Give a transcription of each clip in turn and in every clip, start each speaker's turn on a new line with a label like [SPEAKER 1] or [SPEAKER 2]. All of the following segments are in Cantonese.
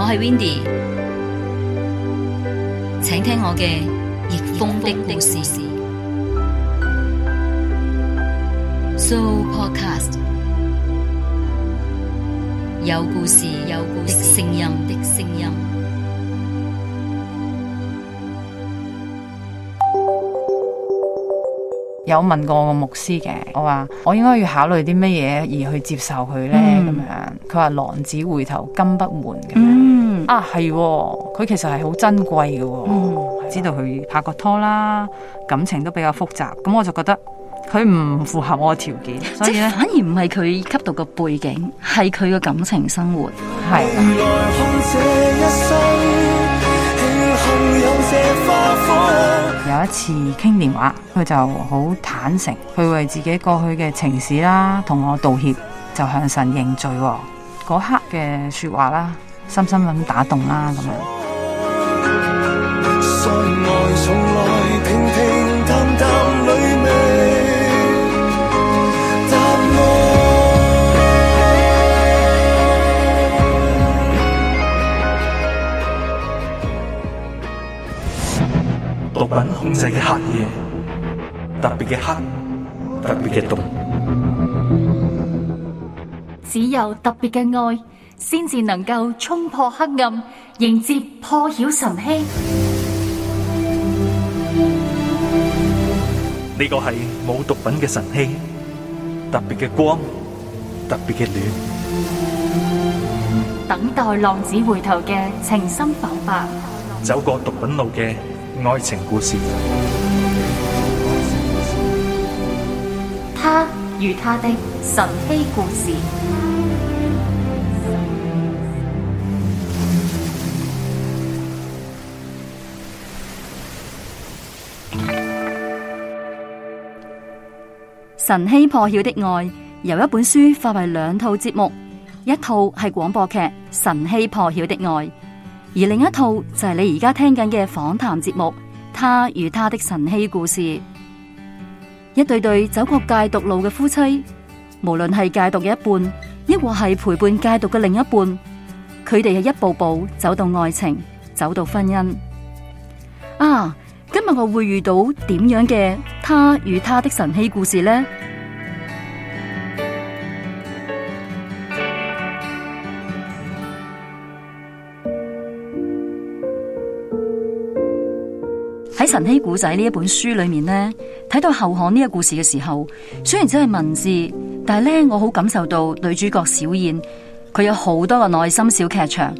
[SPEAKER 1] 我係 Windy，請聽我嘅逆風的故事。So podcast 有故事，有故事的聲音。
[SPEAKER 2] 有問過我個牧師嘅，我話我應該要考慮啲乜嘢而去接受佢呢？咁、嗯、樣佢話浪子回頭金不換咁樣，嗯、啊係，佢其實係好珍貴
[SPEAKER 1] 嘅，
[SPEAKER 2] 嗯、知道佢拍過拖啦，感情都比較複雜，咁我就覺得佢唔符合我嘅條件，所以
[SPEAKER 1] 呢反而唔係佢吸毒嘅背景，係佢嘅感情生活係。有一次傾電話，佢就好
[SPEAKER 2] 坦誠，佢為自己過去嘅情史啦，同我道歉，就向神認罪喎。嗰刻嘅說話啦，深深咁打動啦，咁樣。
[SPEAKER 3] 品控制嘅黑夜，特別嘅黑，特別嘅凍。
[SPEAKER 1] 只有特別嘅愛，先至能夠衝破黑暗，迎接破曉晨曦。
[SPEAKER 3] 呢個係冇毒品嘅晨曦，特別嘅光，特別嘅暖。
[SPEAKER 1] 等待浪子回頭嘅情深厚白，
[SPEAKER 3] 走過毒品路嘅。愛情故事，
[SPEAKER 1] 他與他的神奇故事，神奇破曉的愛由一本書化為兩套節目，一套係廣播劇《神奇破曉的愛》。而另一套就係你而家聽緊嘅訪談節目《他與他的神奇故事》，一對對走過戒毒路嘅夫妻，無論係戒毒嘅一半，亦或係陪伴戒毒嘅另一半，佢哋係一步步走到愛情，走到婚姻。啊，今日我會遇到點樣嘅他與他的神奇故事呢？《晨曦古仔》呢一本書裏面呢，睇到後巷呢個故事嘅時候，雖然只係文字，但係咧，我好感受到女主角小燕，佢有好多嘅內心小劇場，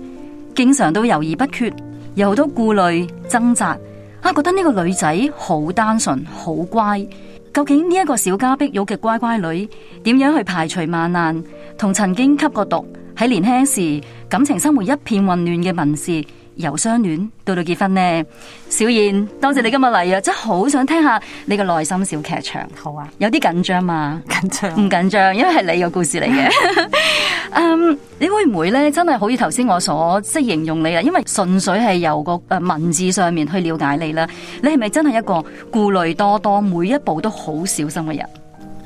[SPEAKER 1] 經常都猶豫不決，有好多顧慮掙扎。啊，覺得呢個女仔好單純，好乖。究竟呢一個小家碧玉嘅乖乖女，點樣去排除萬難，同曾經吸過毒喺年輕時感情生活一片混亂嘅文字。由相戀到到結婚呢，小燕，多謝你今日嚟啊！真係好想聽下你個內心小劇場。好啊，有啲緊張嘛？緊張？唔緊張？因為係你個故事嚟嘅。 um, 你會唔會咧？真係好似頭先我所即係形容你啊？因為純粹係由個誒文字上面去了解你啦。你係咪真係一個顧慮多多、每一步都好小心嘅人？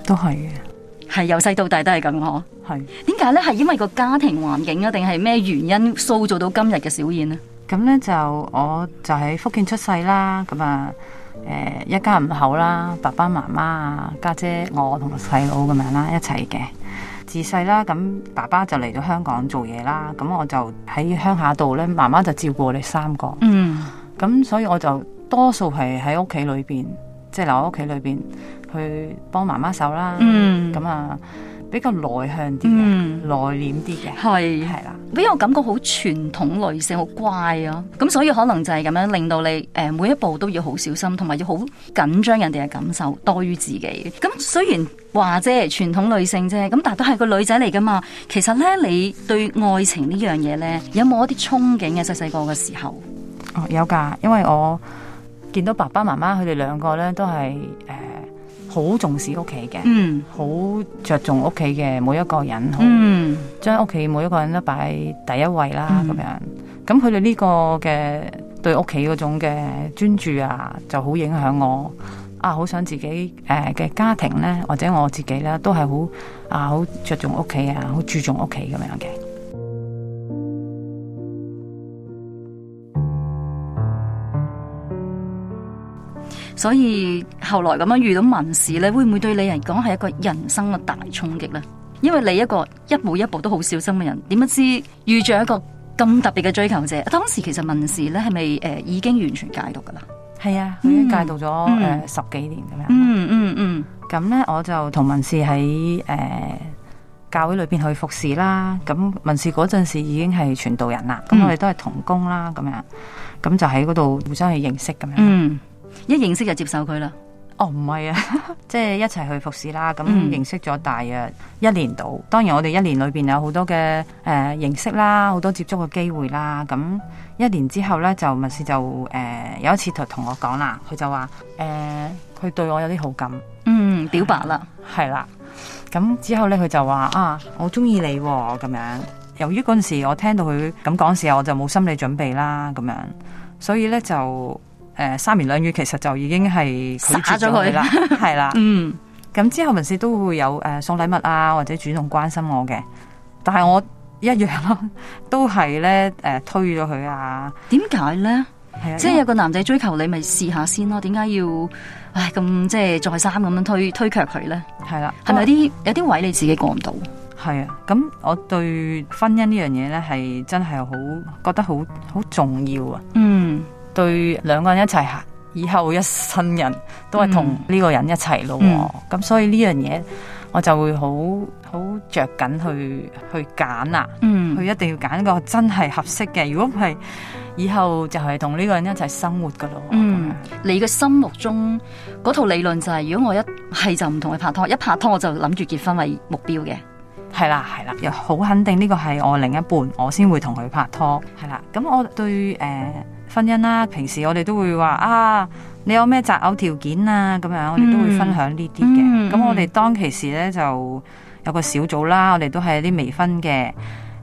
[SPEAKER 2] 都係嘅，
[SPEAKER 1] 係由細到大都係咁嗬。係點解咧？係因為個家庭環境啊，定係咩原因塑造到今日嘅小燕咧？咁咧就我
[SPEAKER 2] 就喺福建出世啦，咁啊誒，呃，一家五口啦，爸爸媽媽啊，家姐我同細佬咁樣啦，一齊嘅。自細啦，咁爸爸就嚟到香港做嘢啦，咁我就喺鄉下度咧，媽媽就照顧我哋三個。嗯，咁所以我就多數係喺屋企裏邊，即係留喺屋企裏邊
[SPEAKER 1] 去幫媽媽手啦。嗯，咁啊。比較內向啲嘅，內斂啲嘅，係係啦，俾我是的感覺好傳統女性，好乖啊，咁所以可能就係咁樣令到你誒、呃、每一步都要好小心，同埋要好緊張人哋嘅感受多於自己。咁雖然話啫，傳統女性啫，咁但係都係個女仔嚟噶嘛。其實咧，你對愛情呢樣嘢咧，有冇一啲憧憬嘅細細個嘅時候？哦，
[SPEAKER 2] 有噶，因為我
[SPEAKER 1] 見到爸爸媽媽佢哋兩個咧，都係誒。呃
[SPEAKER 2] 好重視屋企嘅，好着、mm. 重屋企嘅每一個人，將屋企每一個人都擺第一位啦，咁樣、mm.。咁佢哋呢個嘅對屋企嗰種嘅專注啊，就好影響我。啊，好想自己誒嘅、呃、家庭咧，或者我自己啦，都係好啊，好着重屋企啊，好注重屋企
[SPEAKER 1] 咁樣嘅。所以後來咁樣遇到文士咧，會唔會對你嚟講係一個人生嘅大衝擊咧？因為你一個一步一步都好小心嘅人，點不知遇著一個咁特別嘅追求者。當時其實文士咧係咪誒已經完全戒毒噶啦？
[SPEAKER 2] 係啊，已經戒
[SPEAKER 1] 毒咗誒十幾年咁
[SPEAKER 2] 樣、嗯。嗯嗯嗯。咁、嗯、咧，我就同文士喺誒教會裏邊去服侍啦。咁文士嗰陣時已經係傳道人啦。咁我哋都係同工啦，咁樣咁就喺嗰度互相去認識咁樣。
[SPEAKER 1] 一認識就接受佢啦？哦，唔係
[SPEAKER 2] 啊，即 係一齊去服侍啦，咁、嗯、認識咗大約一年度。當然我哋一年裏邊有好多嘅誒、呃、認識啦，好多接觸嘅機會啦。咁一年之後呢，就文士就誒、呃、有一次同同我講啦，佢就話誒佢對我有啲好感，嗯，表白啦，係啦。咁之後呢，佢就話啊，我中意你喎，哦，咁樣。由於嗰陣時我聽到佢咁講時候，我就冇心理準備啦，咁樣，所以呢就。誒，三言兩語其實就已經係殺咗佢啦，係啦。 的嗯，咁之後平時都會有誒送禮物啊，或者主動關心我嘅。但係我
[SPEAKER 1] 一樣咯、啊，都係咧誒推咗佢啊。點解咧？
[SPEAKER 2] 即係有
[SPEAKER 1] 個男仔追求你試、啊，咪試下先咯。點解要唉咁即係再三咁樣推推卻佢咧？係啦，係咪啲有啲、哦、位你自己過唔到？
[SPEAKER 2] 係啊，咁我對婚姻呢樣嘢咧，係真係好覺得好好重要啊。對兩個人一齊行，以後一生人，都係同呢個人一齊咯。咁、嗯、所以呢樣嘢，我就會好好着緊去去揀啦。嗯，去一定要揀個真係合適嘅。如果唔係，以後就係同呢個
[SPEAKER 1] 人一齊生活噶咯。嗯，我覺得你嘅心目中嗰套理論就係、是，如果我一係就唔同佢拍拖，一拍拖我就諗住結婚為目標嘅。係啦，係啦，又好肯
[SPEAKER 2] 定呢個係我另一半，我先會同佢拍拖。係啦，咁我對誒。呃婚姻啦，平時我哋都會話啊，你有咩擇偶條件啊？咁樣我哋都會分享、嗯、呢啲嘅。咁我哋當其時咧就有個小組啦，我哋都係啲未婚嘅誒、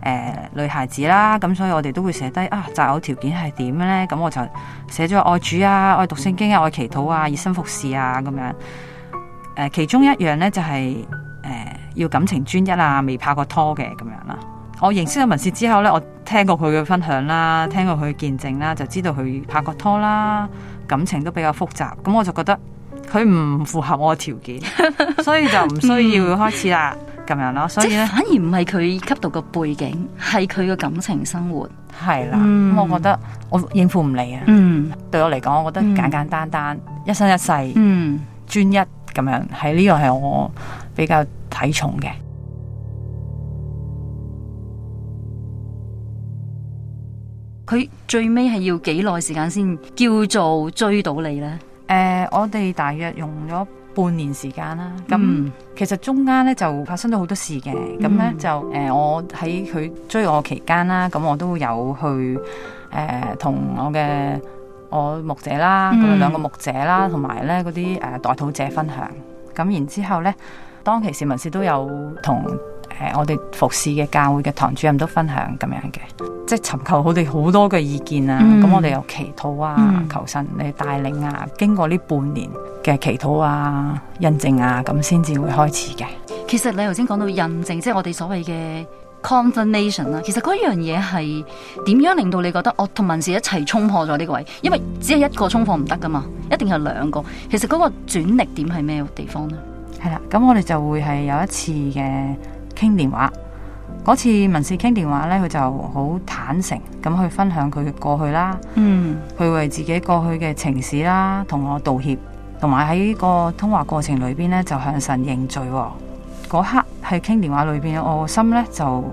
[SPEAKER 2] 呃、女孩子啦。咁所以我哋都會寫低啊，擇偶條件係點咧？咁我就寫咗愛主啊，愛讀聖經啊，愛祈禱啊，熱心服侍啊，咁樣。誒、呃，其中一樣咧就係、是、誒、呃、要感情專一啊，未拍過拖嘅咁樣啦。我認識咗文竔之後咧，我聽過佢嘅分享啦，聽過佢嘅見證啦，就知道佢拍過拖啦，感情都比較複雜，咁我就覺得佢唔符合我嘅條件， 所以就唔需要開始 啦
[SPEAKER 1] 咁樣咯。所以咧，反而唔係佢吸毒嘅背景，係佢嘅感情生活。係啦，咁、嗯、我覺得我應付唔嚟啊。嗯，
[SPEAKER 2] 對我嚟講，我覺得簡簡單單，單，嗯、一生一世，嗯，專一咁樣，喺呢個係我比較睇重嘅。
[SPEAKER 1] 佢最尾係要幾耐時間先叫做追到你呢？誒、呃，我哋大約用咗
[SPEAKER 2] 半年時間啦。咁、嗯、其實中間呢，就發生咗好多事嘅。咁、嗯、呢，就誒、呃，我喺佢追我期間啦，咁我都有去誒，同、呃、我嘅我牧者啦，咁兩、嗯、個牧者啦，同埋呢嗰啲誒代禱者分享。咁然之後呢，當其時民士都有同。誒、呃，我哋服侍嘅教會嘅堂主任都分享咁樣嘅，即係尋求佢哋好多嘅意見啊。咁、嗯、我哋又祈禱啊，求神你帶領啊。嗯、經過呢半年嘅祈禱啊、印證啊，咁先至會開始嘅。
[SPEAKER 1] 其實你頭先講到印證，即係我哋所謂嘅 confirmation 啦。其實嗰樣嘢係點樣令到你覺得我同文事一齊衝破咗呢個位？因為只係一個衝破唔得噶嘛，一定係兩個。其實嗰個轉力點係咩地方呢？係啦，咁我哋就會係有一次嘅。傾電話嗰次，
[SPEAKER 2] 文事傾電話咧，佢就好坦誠，咁去分享佢過去啦，嗯，去為自己過去嘅情史啦，同我道歉，同埋喺個通話過程裏邊咧，就向神認罪。嗰刻喺傾電話裏邊，我心咧就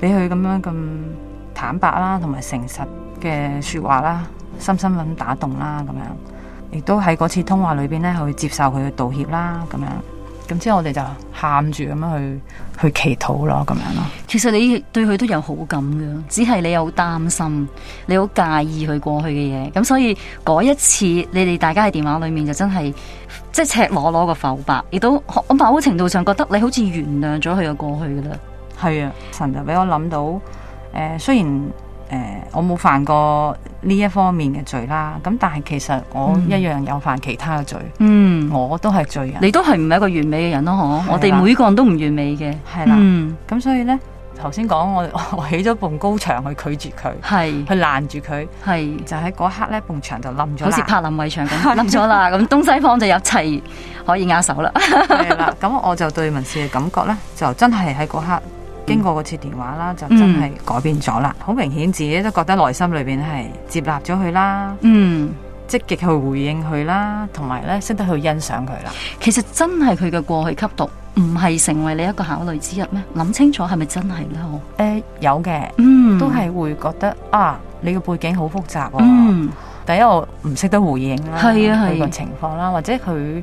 [SPEAKER 2] 俾佢咁樣咁坦白啦，同埋誠實嘅說話啦，深深咁打動啦，咁樣，亦都喺嗰次通話裏邊咧，去接受佢嘅道歉啦，咁樣。咁之後我哋就
[SPEAKER 1] 喊住咁樣
[SPEAKER 2] 去去祈禱咯，咁樣咯。
[SPEAKER 1] 其實你對佢都有好感噶，只係你有擔心，你好介意佢過去嘅嘢。咁所以嗰一次，你哋大家喺電話裏面就真係即係赤裸裸個浮白，亦都我某程度上覺得你好似原諒咗佢嘅過去噶啦。係啊，神就俾我
[SPEAKER 2] 諗到，誒、呃，雖然。誒、呃，我冇犯過呢一方面嘅罪啦，咁但係其實我一樣有犯其他嘅罪。嗯，我都係罪人。你都係唔係一個完美嘅人咯？嗬啦，我哋每個人都唔完美嘅。係啦。嗯，咁、啊、所以咧，頭先講我我起咗埲高牆去拒絕佢，係是去攔住佢，係是就喺嗰刻咧，埲牆就冧咗，好似柏林圍牆咁冧咗啦。
[SPEAKER 1] 咁 東西方就一齊可以握手 啦。
[SPEAKER 2] 係啦。咁我就對文事嘅感覺咧，就真係喺嗰刻。嗯、經過嗰次電話啦，就真係改
[SPEAKER 1] 變咗啦，
[SPEAKER 2] 好、嗯、明顯自己都覺得內心裏邊係接納咗佢啦，
[SPEAKER 1] 嗯，積極去回應佢啦，同埋咧識得去欣賞佢啦。其實真係佢嘅過去吸毒，唔係成為你一個考慮之一咩？諗清楚係咪真係咧？誒、呃，有嘅，嗯，都係會覺得啊，你嘅背景好複雜、哦，嗯，
[SPEAKER 2] 第一我唔識得回應啦，係啊係個、啊、情況啦，或者佢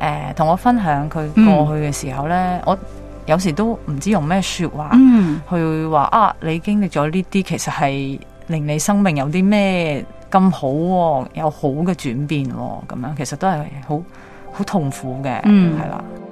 [SPEAKER 2] 誒同我分享佢過去嘅時候咧、嗯，我。有時都唔知用咩說話去說，去話啊，你經歷咗呢啲，其實係令你生命有啲咩咁好，喎，有好嘅轉變咁，喎，樣，其實都係好好痛苦嘅，係啦，
[SPEAKER 4] 嗯。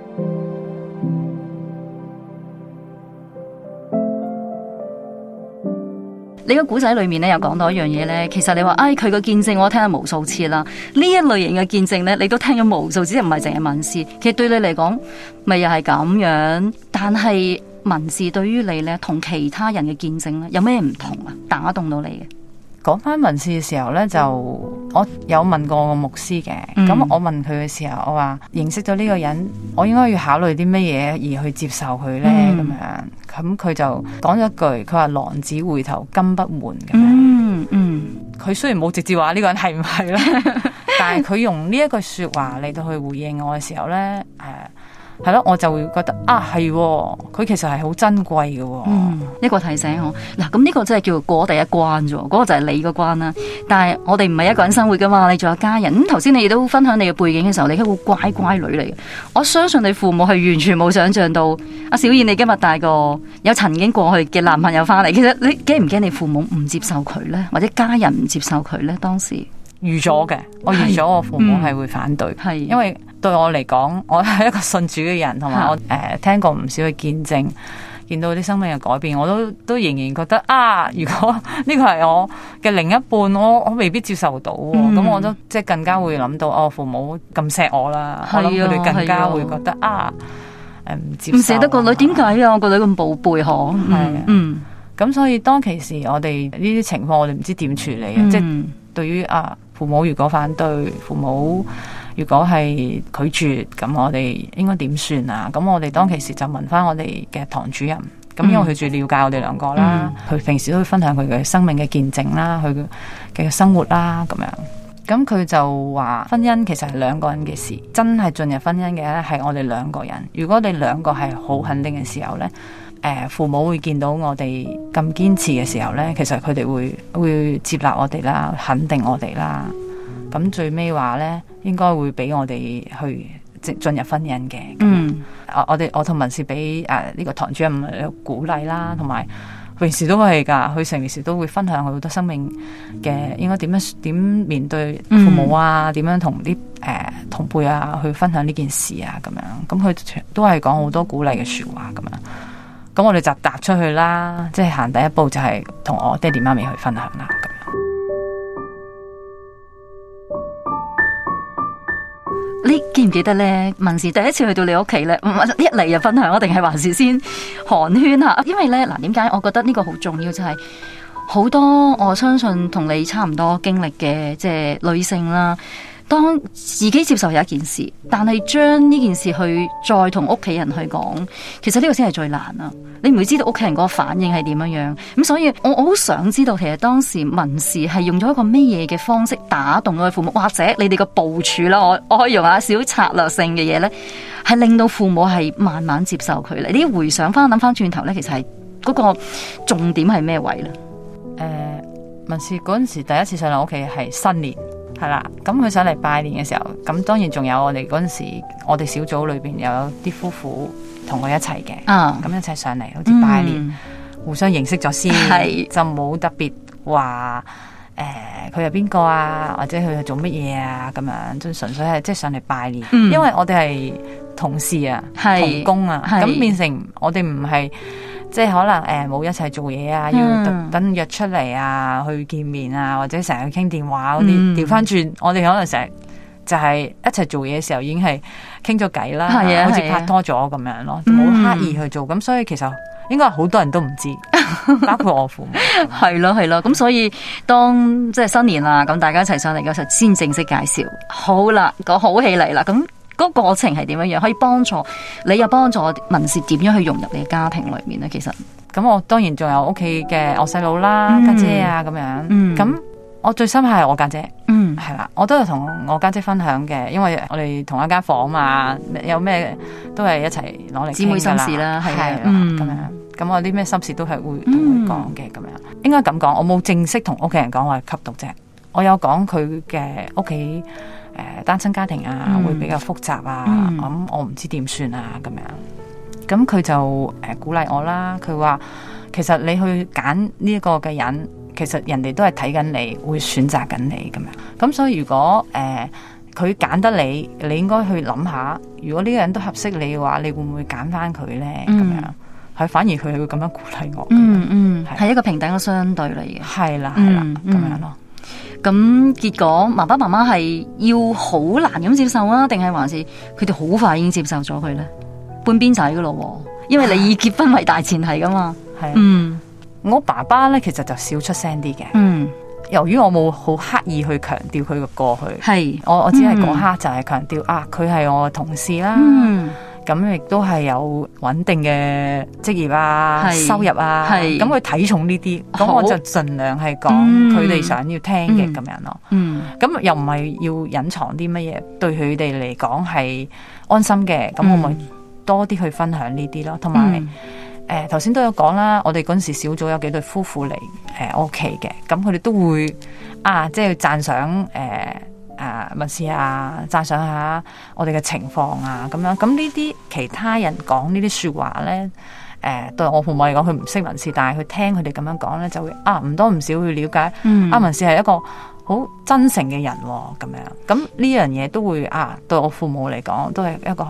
[SPEAKER 1] 你個故仔裏面咧又講到一樣嘢咧，其實你話，唉，佢個見證我聽咗無數次啦，呢一類型嘅見證咧，你都聽咗無數次，唔係淨係文字，其實對你嚟講咪又係咁樣。但係文字對於你咧同其他人嘅見證咧，有咩唔同啊？打動到你嘅？
[SPEAKER 2] 講翻文字嘅時候呢，就我有問過我牧師嘅。咁、嗯、我問佢嘅時候，我話認識咗呢個人，我應該要考慮啲乜嘢而去接受佢呢？咁、嗯、樣，咁佢就講咗句，佢話浪子回頭金不換
[SPEAKER 4] 嘅、嗯。嗯嗯，
[SPEAKER 2] 佢雖然冇直接話呢個人係唔係啦，但係佢用呢一句說話嚟到去回應我嘅時候呢。誒、呃。
[SPEAKER 1] 係咯，我就會覺得啊，係佢其實係好珍貴嘅。嗯，呢個提醒我嗱，咁呢個真係叫過第一關啫，嗰個就係你嘅關啦。但係我哋唔係一個人生活噶嘛，你仲有家人。咁頭先你都分享你嘅背景嘅時候，你係個乖乖女嚟嘅。我相信你父母係完全冇想象到，阿小燕你今日帶個有曾經過去嘅男朋友翻嚟。其實你驚唔驚你父母唔接受佢呢？或者家人唔接受佢呢？當時？
[SPEAKER 2] 預咗嘅，我預咗我父母係
[SPEAKER 1] 會反對，係，因為
[SPEAKER 2] 對我嚟講，我係一個信主嘅人，同埋我誒聽過唔少嘅見證，見到啲生命嘅改變，我都都仍然覺得啊，如果呢個係我嘅另一半，我我未必接受到，咁我都即係更加會諗到哦，父母咁錫我啦，係，我諗佢哋更加會覺得啊，誒唔唔捨得
[SPEAKER 1] 個女，點解啊？個女咁寶貝嗬，係，嗯，
[SPEAKER 2] 咁所以當其時我哋呢啲情況，我哋唔知點處理啊，即係對於啊。父母如果反對，父母如果係拒絕，咁我哋應該點算啊？咁我哋當其時就問翻我哋嘅堂主任，咁因為佢最了解我哋兩個啦，佢、嗯嗯、平時都會分享佢嘅生命嘅見證啦，佢嘅生活啦咁樣。咁佢就話婚姻其實係兩個人嘅事，真係進入婚姻嘅咧係我哋兩個人。如果你兩個係好肯定嘅時候咧。誒，父母會見到我哋咁堅持嘅時候咧，其實佢哋會會接納我哋啦，肯定我哋啦。咁最尾話咧，應該會俾我哋去進進入婚姻嘅。嗯，我哋我同文士俾誒呢個堂主任鼓勵啦，同埋平時都係噶，佢成日時都會分享佢好多生命嘅，應該點樣點面對父母啊，點、嗯、樣同啲誒同輩啊去分享呢件事啊，咁樣咁佢都係講好多鼓勵嘅說話咁樣。咁我哋就踏出去啦，即係行第一步就係同我爹哋媽咪去分享啦。咁樣，
[SPEAKER 1] 你記唔記得咧？文氏第一次去到你屋企咧，一嚟就分享，定係還是先寒暄啊？因為咧嗱，點解我覺得呢個好重要？就係、是、好多我相信同你差唔多經歷嘅即係女性啦。當自己接受有一件事，但係將呢件事去再同屋企人去講，其實呢個先係最難啊。你唔會知道屋企人個反應係點樣樣咁，所以我我好想知道，其實當時文氏係用咗一個咩嘢嘅方式打動我父母，或者你哋個部署啦，我我可以用下小策略性嘅嘢呢，係令到父母係慢慢接受佢嚟。你回想翻諗翻轉頭呢，其實係嗰個重點係咩位呢？誒、呃，文氏嗰陣時第一次上嚟屋企係新
[SPEAKER 2] 年。係啦，咁佢、嗯、上嚟拜年嘅時候，咁當然仲有我哋嗰陣時，我哋小組裏邊有啲夫婦同佢一齊嘅，咁、嗯、一齊上嚟好似拜年，嗯、互相認識咗先，是就冇特別話誒，佢係邊個啊，或者佢係做乜嘢啊，咁樣就純粹係即係上嚟拜年，嗯、因為我哋係同事啊，是同工啊，咁變成我哋唔係。即係可能誒，冇、欸、一齊做嘢啊，要等約出嚟啊，嗯、去見面啊，或者成日傾電話嗰啲，調翻轉，我哋可能成日就係一齊做嘢嘅時候，已經係傾咗偈啦，嗯、好似拍拖
[SPEAKER 1] 咗咁樣咯、啊，冇、嗯、刻意去做。咁所以其實應該好多人都唔知， 包括我父母。係咯係咯，咁所以當即係新年啦，咁大家一齊上嚟嗰時候，先正式介紹。好啦，個好戲嚟啦，咁。嗰個過程係點樣樣？可以幫助你又幫助文氏點樣去融入你嘅家庭裏面咧？其實咁，我當然仲有屋企嘅我細佬啦、家、嗯、姐，姐啊咁樣。咁、嗯、我最深刻係我家姐，姐，嗯，
[SPEAKER 4] 係啦，
[SPEAKER 2] 我都有同我家姐，姐分享嘅，因為我哋同一間房嘛，有咩都係一齊攞嚟姊妹心事啦，係啊咁樣。咁我啲咩心事都係會同佢講嘅，咁、嗯、樣應該咁講。我冇正式同屋企人講話吸毒啫。我有講佢嘅屋企誒，單親家庭啊，會比較複雜啊，咁我唔知點算啊，咁、啊、樣。咁佢就誒、呃、鼓勵我啦，佢話其實你去揀呢一個嘅人，其實人哋都係睇緊你，會選擇緊你咁樣。咁所以如果誒佢揀得你，你應該去諗下，如果呢個人都合適你嘅話，你會唔會揀翻佢咧？咁
[SPEAKER 4] 樣，
[SPEAKER 2] 係反而佢係會咁樣鼓勵我。嗯嗯，
[SPEAKER 1] 係 一個平等嘅相對嚟嘅，係啦係啦，咁 樣咯。咁結果，爸爸媽媽係要好難咁接受啊？定係還是佢哋好快已經接受咗佢呢？半邊仔噶咯、啊，因為你以結婚為大前提噶嘛，係、啊。嗯，
[SPEAKER 2] 我爸爸呢，其實就少出聲啲嘅。嗯，由於我冇好刻意去強調佢嘅過去，係我我只係嗰刻就係強調啊，佢係我同事啦、啊。嗯咁亦都係有穩定嘅職業啊，是收入啊，咁佢睇重呢啲，咁好我就盡量係講佢哋想要聽嘅咁樣咯。咁、嗯嗯、又唔係要隱藏啲乜嘢，對佢哋嚟講係安心嘅，咁我咪多啲去分享呢啲咯。同埋誒頭先都有講啦，我哋嗰陣時小組有幾對夫婦嚟誒我屋企嘅，咁佢哋都會啊，即係讚賞誒。呃呃誒，文氏啊，讚賞、啊、下、啊、我哋嘅情況啊，咁樣咁呢啲其他人講呢啲說話咧，誒、呃，對我父母嚟講，佢唔識文氏，但係佢聽佢哋咁樣講咧，就會啊唔多唔少去了解，阿文氏係一個好真誠嘅人、哦，咁樣咁呢樣嘢都會啊，對我父母嚟講，都係一個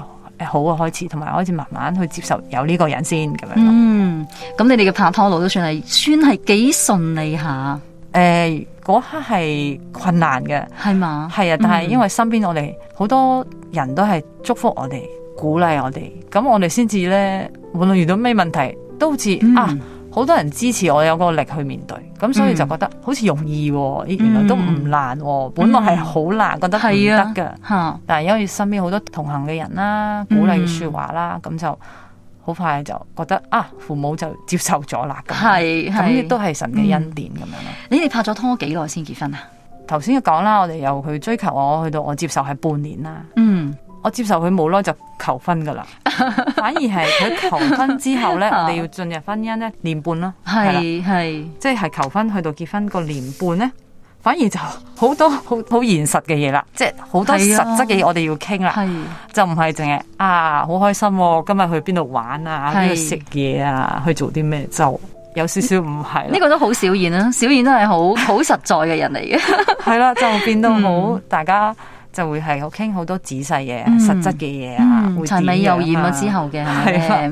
[SPEAKER 2] 好嘅開始，同埋開始慢慢去接受有呢個人先咁樣。嗯，
[SPEAKER 1] 咁你哋嘅拍拖路都算
[SPEAKER 2] 係算係幾順利下，誒、呃。嗰刻係困難嘅，係嘛嗎？係啊，但係因為身邊我哋好、嗯、多人都係祝福我哋、鼓勵我哋，咁我哋先至咧，無論遇到咩問題，都好似、嗯、啊，好多人支持我，有個力去面對，咁所以就覺得好似容易、哦，嗯、原來都唔難、哦嗯、難，本來係好難，覺得唔得噶，啊、但係因為身邊好多同行嘅人啦，鼓勵說話啦，咁、嗯嗯、就。好快就覺得啊，父母就接受咗啦，咁亦都係神嘅恩典咁、嗯、樣咯。你哋拍咗拖幾耐先結婚啊？頭先講啦，我哋由佢追求我去到我接受係半年啦。嗯，我接受佢冇耐就求婚噶啦， 反而係佢求婚之後咧， 我哋要進入婚姻咧年半是啦。係係，即係求婚去到結婚個年半咧。反而就好多好好現實嘅嘢啦，即係好多是、啊、實質嘅嘢，我哋要傾啦，就唔係淨係啊好開心、啊，今日去邊度玩啊，是去食嘢啊，去做啲咩，就有少少唔係。呢個都
[SPEAKER 1] 好小燕啊，小燕真係好好實在嘅人嚟
[SPEAKER 2] 嘅，係 啦、 啊，就變到好大家。就會係好傾好多仔細嘅、嗯、實質嘅嘢、嗯、啊，柴米油鹽咗之後嘅嚇，係啦是的、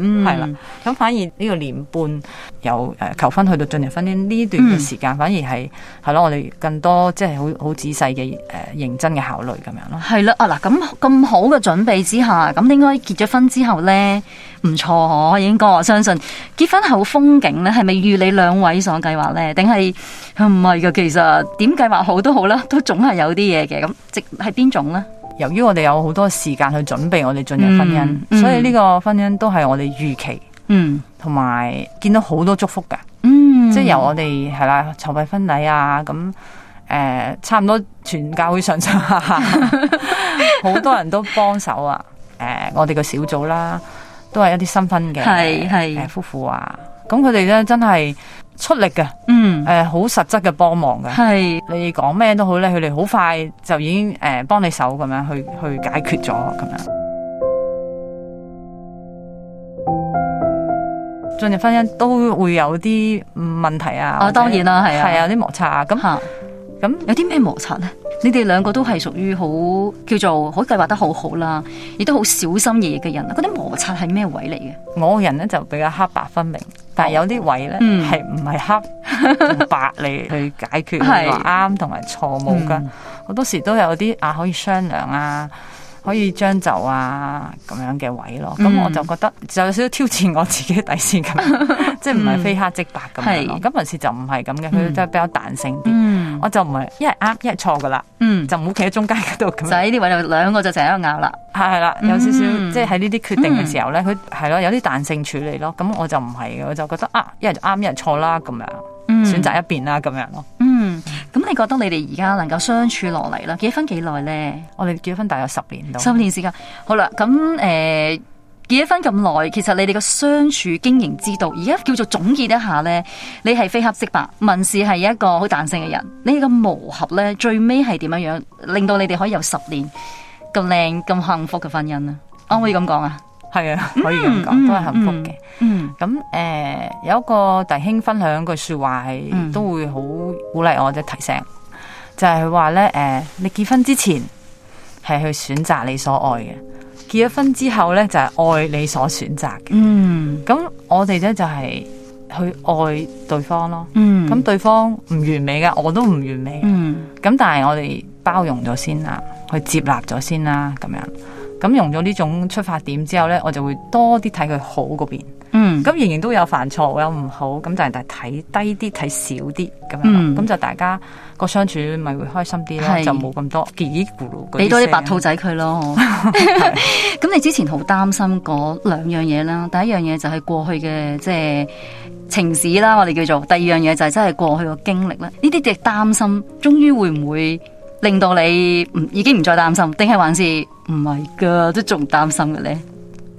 [SPEAKER 2] 嗯，咁反而呢個年半由誒求婚去到進入婚姻呢段嘅時間，嗯、反而係係咯，我哋更多即係好好仔細嘅誒認真嘅考慮咁樣咯。
[SPEAKER 1] 係啦，啊嗱，咁咁好嘅準備之下，咁應該結咗婚之後咧唔錯嗬，應該我相信結婚後風景咧係咪預你兩位所計劃咧？定係唔係噶？其實點計劃好都好啦，都總係有啲嘢嘅咁，即係邊？種咧，
[SPEAKER 2] 由於我哋有好多時間去準備我哋進入婚姻，嗯嗯、所以呢個婚姻都係我哋預期，
[SPEAKER 4] 嗯，
[SPEAKER 2] 同埋見到好多祝福㗎，嗯，即係由我哋係啦籌備婚禮啊，咁誒、呃，差唔多全教會上下，好 多人都幫手啊，誒、 呃，我哋個小組啦，都係一啲新婚嘅係係夫婦啊，咁佢哋咧真係。出力嘅，嗯，誒、呃，好實質嘅幫忙嘅，係是你講咩都好咧，佢哋好快就已經誒幫、呃、你手咁樣去去解決咗咁樣。進、嗯、入婚姻都會有啲
[SPEAKER 1] 問題啊，哦者，當然啦，係啊，係啊，啲摩擦啊，咁吓，咁有啲咩摩擦咧？你哋兩個都係屬於好叫做計劃好計劃得好好啦，亦都好小心翼翼嘅人，嗰啲摩擦係咩位嚟嘅？我個人咧就比較黑白分明。但有啲位咧係
[SPEAKER 2] 唔係黑白嚟去解決，話啱同埋錯誤噶，好、嗯、多時都有啲啊可以商量啊。可以將就啊咁樣嘅位咯，咁、嗯、我就覺得就有少少挑戰我自己底線咁， 即係唔係非黑即白咁樣咯。咁有時就唔係咁嘅，佢、嗯、都係比較彈性啲。嗯、我就唔係一係啱，一係錯噶啦，嗯、就唔好企喺中間嗰度。就係呢啲位就兩個就成日拗啦，係啦、 嗯， 有少少即係喺呢啲決定嘅時候咧，佢係咯有啲彈性處理咯。咁我就唔係嘅，我就覺得啊，一係啱，一係錯啦咁樣。選擇一邊啦，咁樣咯。嗯，
[SPEAKER 1] 咁、嗯、你覺得你哋而家能夠相處落嚟啦，結婚幾耐咧？我哋結婚大約十年到。十年時間，好啦，咁誒、呃，結咗婚咁耐，其實你哋嘅相處經營之道，而家叫做總結一下咧，你係非黑即白，民事係一個好彈性嘅人，你嘅磨合咧最尾係點樣樣，令到你哋可以有十年咁靚咁幸福嘅婚姻咧？可唔可以咁講啊？係啊， 可以咁講，都係幸福嘅。嗯，咁 誒、呃，有一個弟兄分
[SPEAKER 2] 享句說話係都會好鼓勵我，即提醒，就係佢話咧，誒、呃，你結婚之前係去選擇你所愛嘅，結咗婚之後咧就係、是、愛你所選擇嘅。嗯，咁 我哋咧就係、是、去愛對方咯。嗯，咁 對方唔完美嘅，我都唔完美。嗯，咁 但係我哋包容咗先啦，去接納咗先啦，咁樣。咁用咗呢種出發點之後咧，我就會多啲睇佢好嗰邊。嗯，咁仍然都有犯錯，有唔好，咁但係睇低啲，睇少啲咁樣，咁、嗯、就大家個相處咪會開心啲咯，是就冇咁多嘰嘰咕嚕。俾多啲白兔仔
[SPEAKER 1] 佢咯。咁 是 你之前好擔心嗰兩樣嘢啦，第一樣嘢就係過去嘅即係情史啦，我哋叫做第二樣嘢就係真係過去個經歷啦。呢啲嘅擔心，終於會唔會？令到你唔已經唔再擔心，定係還是唔係噶？都仲擔心嘅咧。誒、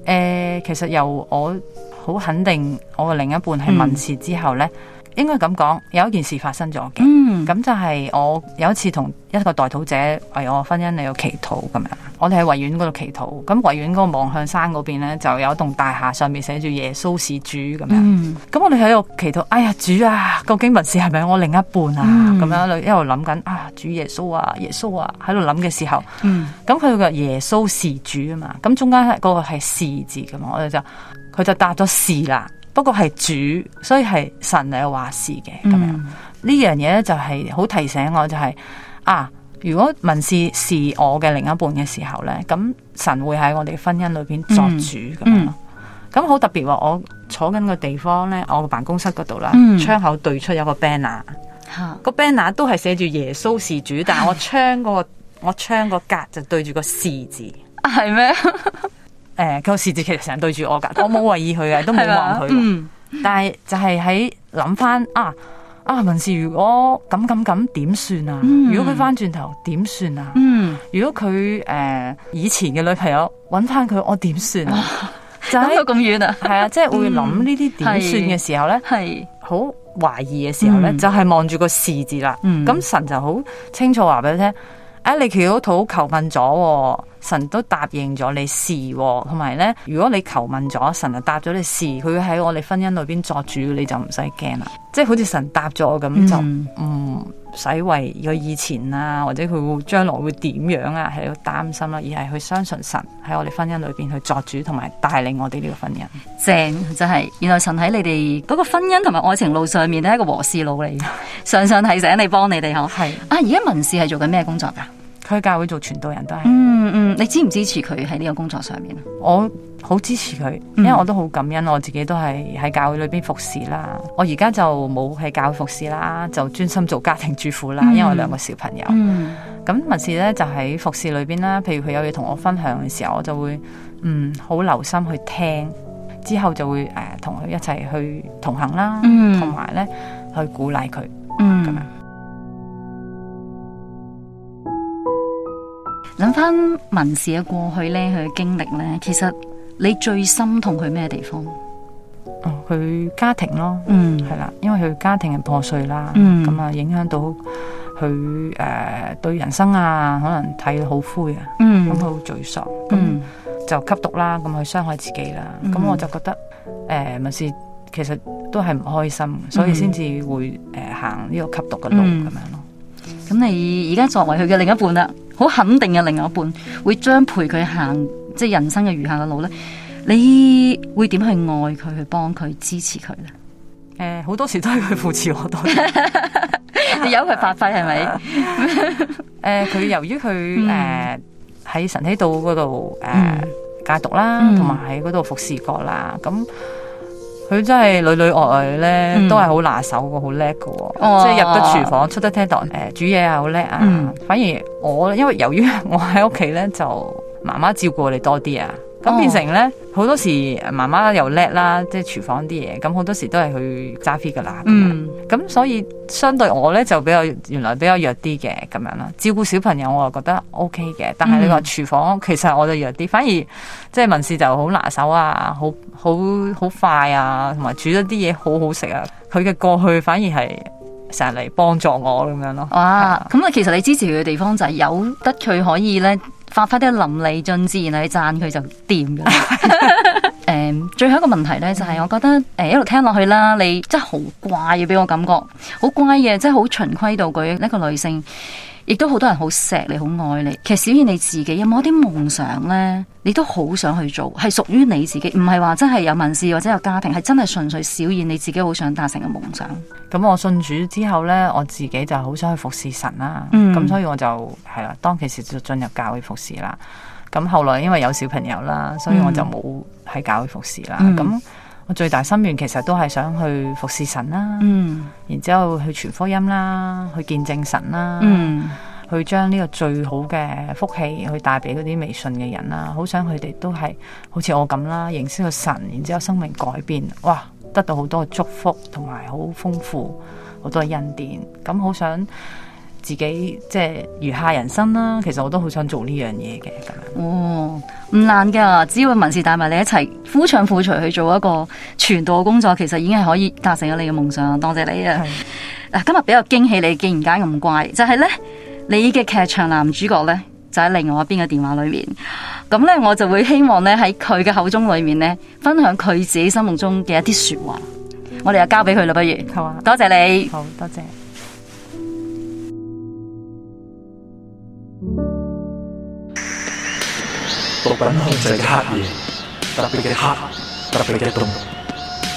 [SPEAKER 1] 呃，其實由我好肯定，我嘅另一半係文辭之後咧。嗯。
[SPEAKER 2] 應該咁講，有一件事發生咗嘅。嗯，咁就係我有一次同一個代禱者為我婚姻嚟到祈禱咁樣，我哋喺維園嗰度祈禱。咁維園嗰個望向山嗰邊咧，就有一棟大廈，上面寫住耶穌是主咁樣。咁、嗯、我哋喺度祈禱，哎呀主啊，究竟文事係咪我另一半啊？咁樣、嗯，佢一路諗緊啊，主耶穌啊，耶穌啊，喺度諗嘅時候，咁佢嘅耶穌是主啊嘛。咁中間嗰個係是，是字嘅嘛，我哋就佢就答咗是啦。不過係主，所以係神嚟話事嘅
[SPEAKER 4] 咁
[SPEAKER 2] 樣。呢樣嘢咧就係好提醒我、就是，就係啊，如果民事是我嘅另一半嘅時候咧，咁神會喺我哋婚姻裏邊作主咁、嗯、樣。咁好特別話，我坐緊個地方咧，我辦公室嗰度啦，嗯、窗口對出有個 banner，、嗯、個 banner 都係寫住耶穌是主，但係我窗嗰、那個是我窗個格就對住個是字，
[SPEAKER 1] 係咩是嗎？
[SPEAKER 2] 誒，個十字其實成日對住我噶我冇為意佢嘅，都冇望佢。但係就係喺諗翻啊，啊文士，如果咁咁咁點算啊？如果佢翻轉頭點算啊？嗯，如果佢誒以前嘅女朋友揾翻佢，我點算啊？
[SPEAKER 1] 諗到咁遠啊？係啊，即係會諗呢啲點算嘅
[SPEAKER 2] 時候咧，係好懷疑嘅時候咧，就係望住個十字啦。嗯，咁神就好清楚話俾佢聽，你祈禱都求問咗。神都答應咗你事，同埋咧，如果你求問咗神啊，答咗你事，佢喺我哋婚姻裏邊作主，你就唔使驚啦。即係好似神答咗我咁，就唔使為佢以前啊，或者佢將來會點樣啊，係擔心啦，而係去相信神喺我哋婚姻裏邊去作主，同埋
[SPEAKER 1] 帶領我哋呢個婚姻。正就係，原來神喺你哋嗰個婚姻同埋愛情路上面咧，一個和事佬嚟，嘅，常常提醒你，幫你哋嗬。係啊，而家民事係做緊咩工作噶？去教會做傳道人都係，嗯嗯，你支唔支持佢喺呢個工作上面？我
[SPEAKER 2] 好支持佢，因為我都好感恩，我自己都係喺教會裏邊服侍啦。我而家就冇喺教會服侍啦，就專心做家庭主婦啦，因為我兩個小朋友。咁、嗯嗯、文士咧就喺服侍裏邊啦，譬如佢有嘢同我分享嘅時候，我就會嗯好留心去聽，之後就會誒同佢一齊去同行啦，同埋咧去鼓勵佢咁、
[SPEAKER 1] 嗯、樣。諗翻文氏嘅過去咧，佢嘅經歷咧，其實你最心痛佢咩地方？哦，佢家庭咯，嗯，係啦，因為佢
[SPEAKER 2] 家庭係破碎啦，咁啊、mm.，影響到佢誒對人生啊，可能睇得好灰啊，嗯、mm.，咁佢好沮喪，嗯，就吸毒啦，咁去傷害自己啦，咁、mm. 我就覺得誒，文、呃、氏其實都係唔開心，所以先至會誒、mm. 呃、行呢個吸毒嘅路咁、mm. 樣咯。
[SPEAKER 1] 咁你而家作為佢嘅另一半啦。好肯定嘅，另外一半會將陪佢行，即係人生嘅餘下嘅路咧。你會點去愛佢，去幫佢，支持佢咧？誒、呃，好多時都係
[SPEAKER 2] 佢扶持我多嘅，
[SPEAKER 1] 呃、由佢發揮係咪？誒、嗯，佢
[SPEAKER 2] 由於佢誒喺晨曦島嗰度誒戒毒啦，同埋喺嗰度服侍過啦，咁。佢真係裏裏外外咧，嗯、都係好拿手嘅，好叻嘅，即係入得廚房出得廳堂，誒、欸、煮嘢啊好叻啊！啊嗯、反而我因為由於我喺屋企咧，就媽媽照顧你多啲啊。咁變成咧，好多時媽媽又叻啦，即係廚房啲嘢。咁好多時都係去揸 fit 噶啦。嗯，咁所以相對我咧就比較原來比較弱啲嘅咁樣啦。照顧小朋友我係覺得 OK 嘅，但係你話廚房其實我就弱啲，嗯、反而即係文事就好拿手啊，好好好快啊，同埋煮咗啲嘢好好食啊。佢嘅過去反而係成日嚟幫助我咁樣咯。
[SPEAKER 1] 哇啊，咁啊、嗯，其實你支持佢嘅地方就係有得佢可以咧。發揮得淋漓盡致，然後你讚佢就掂嘅。誒， um, 最後一個問題咧，就係、是、我覺得誒、嗯、一路聽落去啦，你真係好乖，嘅，俾我感覺好乖嘅，真係好循規蹈矩一個女性。亦都好多人好錫你，好愛你。其實小燕你自己有冇一啲夢想呢？你都好想去做，係屬於你自己，唔係話真係有民事或者有家庭，係真係純粹小燕你自己好想達成嘅夢想。咁
[SPEAKER 2] 我信主之後呢，我自己就好想去服侍神啦。咁所以我就係啦，當其時就進入教會服侍啦。咁後來因為有小朋友啦，所以我就冇喺教會服侍啦。咁。最大心願其實都係想去服侍神啦，mm. 然之後去傳福音啦，去見證神啦，mm. 去將呢個最好嘅福氣去帶俾嗰啲未信嘅人啦，想好想佢哋都係好似我咁啦，認識個神，然之後生命改變，哇，得到好多祝福同埋好豐富，好多恩典，咁好想。自己即係餘下人生啦，啊，其實我都好想做呢樣嘢嘅
[SPEAKER 1] 咁樣。哦，唔難噶，只要文事帶埋你一齊，夫唱婦隨去做一個傳道嘅工作，其實已經係可以達成咗你嘅夢想。多謝你啊！嗱是，今日比較驚喜你，竟然解咁乖，就係、是、呢，你嘅劇場男主角呢，就喺另外一邊嘅電話裏面。咁呢，我就會希望呢，喺佢嘅口中裏面呢，分享佢自己心目中嘅一啲說話。我哋又交俾佢啦，不如？好啊，多謝你，好多謝。
[SPEAKER 3] 毒品控制嘅黑夜，特別嘅黑，特別嘅凍。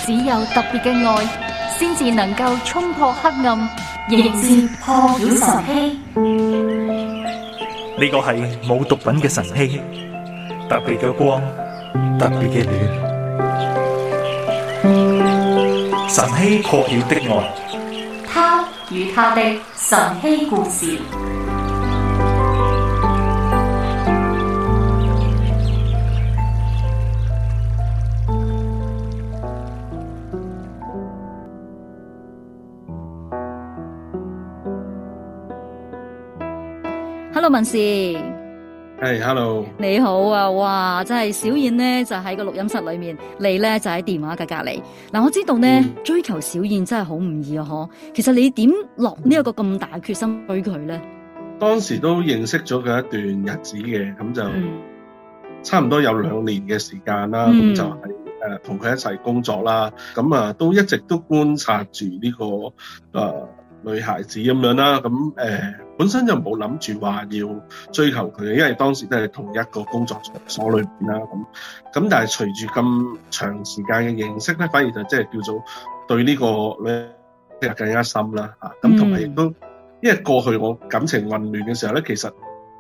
[SPEAKER 1] 只有特別嘅愛，先至能夠衝破黑暗，迎接破曉晨曦。
[SPEAKER 3] 呢個係冇毒品嘅晨曦，特別嘅光，特別嘅暖。晨曦破曉的愛，
[SPEAKER 1] 他與他的晨曦故事。多問事，
[SPEAKER 3] 係、hey,，hello，
[SPEAKER 1] 你好啊，哇，真係小燕咧就喺個錄音室裏面，你咧就喺電話嘅隔籬。嗱、啊，我知道咧、嗯、追求小燕真係好唔易啊，嗬。其實你點落呢一個咁大嘅決心追佢咧？
[SPEAKER 3] 當時都認識咗佢一段日子嘅，咁就差唔多有兩年嘅時間啦。咁就係誒同佢一齊工作啦，咁啊都一直都觀察住呢、這個誒。呃女孩子咁樣啦，咁誒、呃、本身就冇諗住話要追求佢，因為當時都係同一個工作場所裏面啦，咁咁但係隨住咁長時間嘅認識咧，反而就即係叫做對呢個女更加深啦嚇，咁同埋亦都因為過去我感情混亂嘅時候咧，其實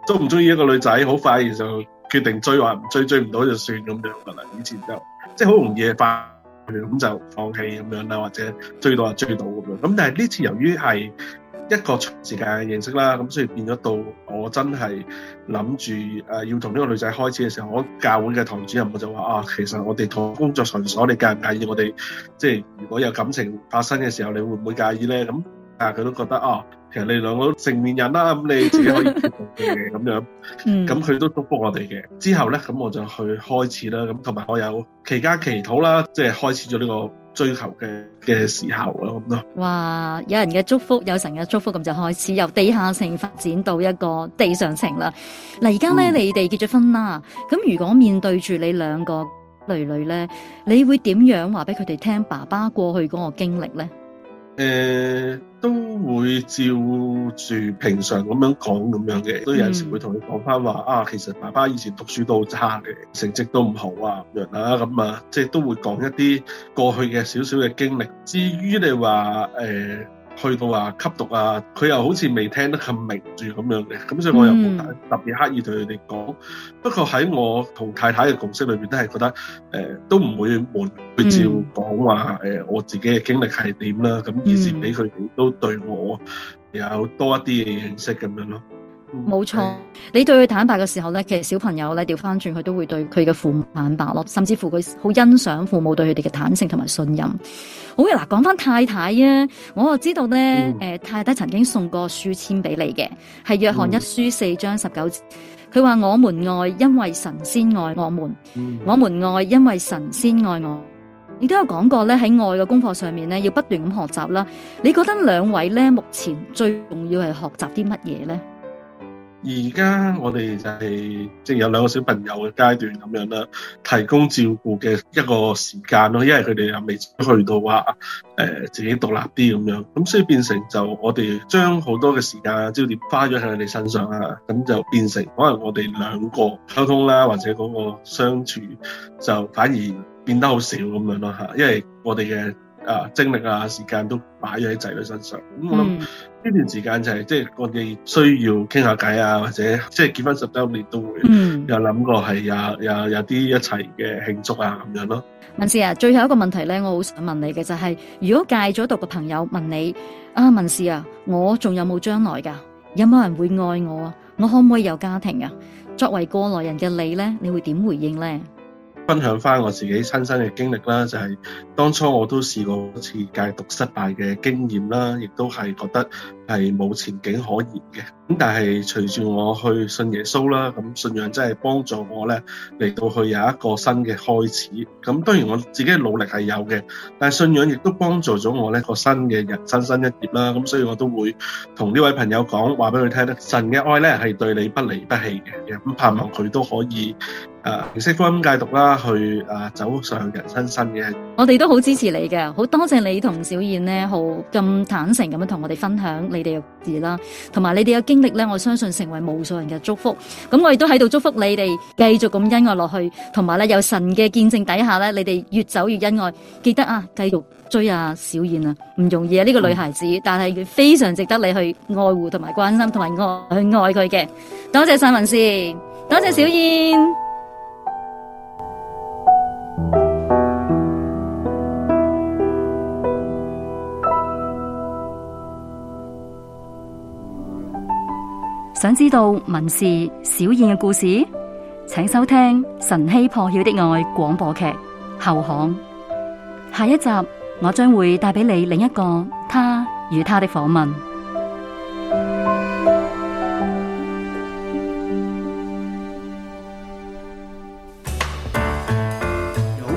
[SPEAKER 3] 鍾唔鍾意一個女仔，好快就決定追，話唔追，追唔到就算咁樣嘅啦，以前就即係好容易發。咁就放棄咁樣啦，或者追到就追到咁樣。咁但係呢次由於係一個長時間嘅認識啦，咁所以變咗到我真係諗住誒要同呢個女仔開始嘅時候，我教會嘅堂主任我就話啊，其實我哋同工作場所，你介唔介意我哋即係如果有感情發生嘅時候，你會唔會介意咧？咁、嗯啊！佢都覺得哦，其實你兩個都成年人啦，咁你自己可以做嘅咁 樣，咁佢都祝福我哋嘅。之後咧，咁我就去開始啦，咁同埋我有期間祈禱啦，即係開始咗呢個追求嘅嘅時候咯咁咯。
[SPEAKER 1] 哇！有人嘅祝福，有神嘅祝福，咁就開始由地下城發展到一個地上城啦。嗱，而家咧，嗯、你哋結咗婚啦，咁如果面對住你兩個女女咧，你會點樣話俾佢哋聽爸爸過去嗰個經歷咧？
[SPEAKER 3] 誒、呃、都會照住平常咁樣講咁樣嘅。都、嗯、有陣時會同你講翻話啊，其實爸爸以前讀書都好差嘅，成績都唔好啊咁樣啦，咁啊，嗯、即係都會講一啲過去嘅少少嘅經歷。至於你話誒、呃去到話、啊、吸毒啊，佢又好似未聽得咁明住咁樣嘅，咁所以我又冇特特別刻意對佢哋講。嗯、不過喺我同太太嘅共識裏邊都係覺得，誒、呃、都唔會瞞去照講話誒我自己嘅經歷係點啦，咁以至俾佢哋都對我有多一啲嘅認識咁樣咯。冇
[SPEAKER 1] 錯，你對佢坦白嘅時候咧，其實小朋友咧調翻轉，佢都會對佢嘅父母坦白咯。甚至乎佢好欣賞父母對佢哋嘅坦誠同埋信任。好嗱，講翻太太啊，我就知道咧，誒、嗯，太太曾經送過書籤俾你嘅，係約翰一書四章十九、嗯，佢話我們愛，因為神先愛我們，嗯、我們愛，因為神先愛我。亦、嗯、都有講過咧，喺愛嘅功課上面咧，要不斷咁學習啦。你覺得兩位咧，目前最重要係學習啲乜嘢咧？
[SPEAKER 3] 而家我哋就係即係有兩個小朋友嘅階段咁樣啦，提供照顧嘅一個時間咯，因為佢哋又未去到話誒、呃、自己獨立啲咁樣，咁所以變成就我哋將好多嘅時間焦點花咗喺佢哋身上啦，咁就變成可能我哋兩個溝通啦，或者嗰個相處就反而變得好少咁樣咯嚇，因為我哋嘅。啊，精力啊，時間都擺咗喺仔女身上。咁、嗯、我諗呢段時間就係、是、即係我哋需要傾下偈啊，或者即係結婚十週年都會有諗過係有、嗯、有有啲一齊嘅慶祝啊咁樣咯。
[SPEAKER 1] 文士啊，最後一個問題咧，我好想問你嘅就係、是，如果戒咗毒嘅朋友問你啊，文士啊，我仲有冇將來㗎？有冇人會愛我啊？我可唔可以有家庭啊？作為過來人嘅你咧，你會點回應咧？
[SPEAKER 3] 分享翻我自己親身嘅經歷啦，就係當初我都試過一次戒毒失敗嘅經驗啦，亦都係覺得係冇前景可言嘅。咁但係隨住我去信耶穌啦，咁信仰真係幫助我咧嚟到去有一個新嘅開始。咁當然我自己努力係有嘅，但係信仰亦都幫助咗我呢個新嘅人生新一頁啦。咁所以我都會同呢位朋友講話俾佢聽咧，神嘅愛咧係對你不離不棄嘅，咁盼望佢都可以。誒，其實咁戒毒啦，去誒走上人生新
[SPEAKER 1] 嘅。我哋都好支持你嘅，好多謝你同小燕呢。好咁坦誠咁樣同我哋分享你哋嘅事啦，同埋你哋嘅經歷呢。我相信成為無數人嘅祝福。咁我亦都喺度祝福你哋繼續咁恩愛落去，同埋咧有神嘅見證底下呢，你哋越走越恩愛。記得啊，繼續追啊，小燕啊，唔容易啊呢，這個女孩子，嗯、但係非常值得你去愛護同埋關心，同埋愛去愛佢嘅。多謝細文師，多謝小燕。嗯想知道文氏小燕嘅故事，請收聽《晨曦破曉的愛》廣播劇後巷。下一集，我將會帶俾你另一個他與他的訪問。